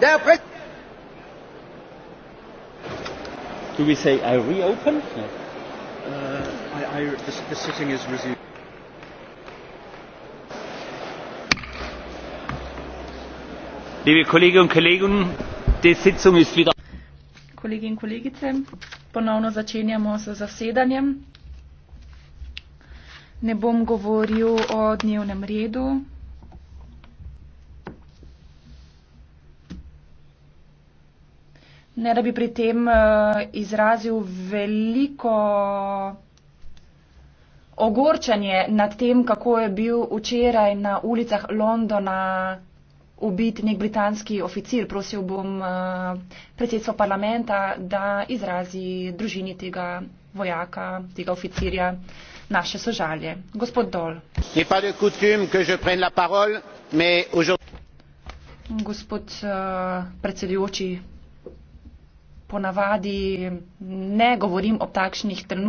Der Pre Do we say I reopen? No. Uh, I, I, the, the sitting is resumed. Liebe Kolleginnen und Kollegen, die Sitzung ist wieder. Kolleginnen und Kollegen, ponovno začenjamo z zasedanjem. Ne bom govoril o dnevnem redu. ne da bi pri tem uh, izrazil veliko ogorčanje nad tem, kako je bil včeraj na ulicah Londona ubit nek britanski oficir. Prosil bom uh, predsedstvo parlamenta, da izrazi družini tega vojaka, tega oficirja naše sožalje. Gospod Dol. Gospod uh, predsedujoči, ponavadi ne govorim ob takšnih trenutkih.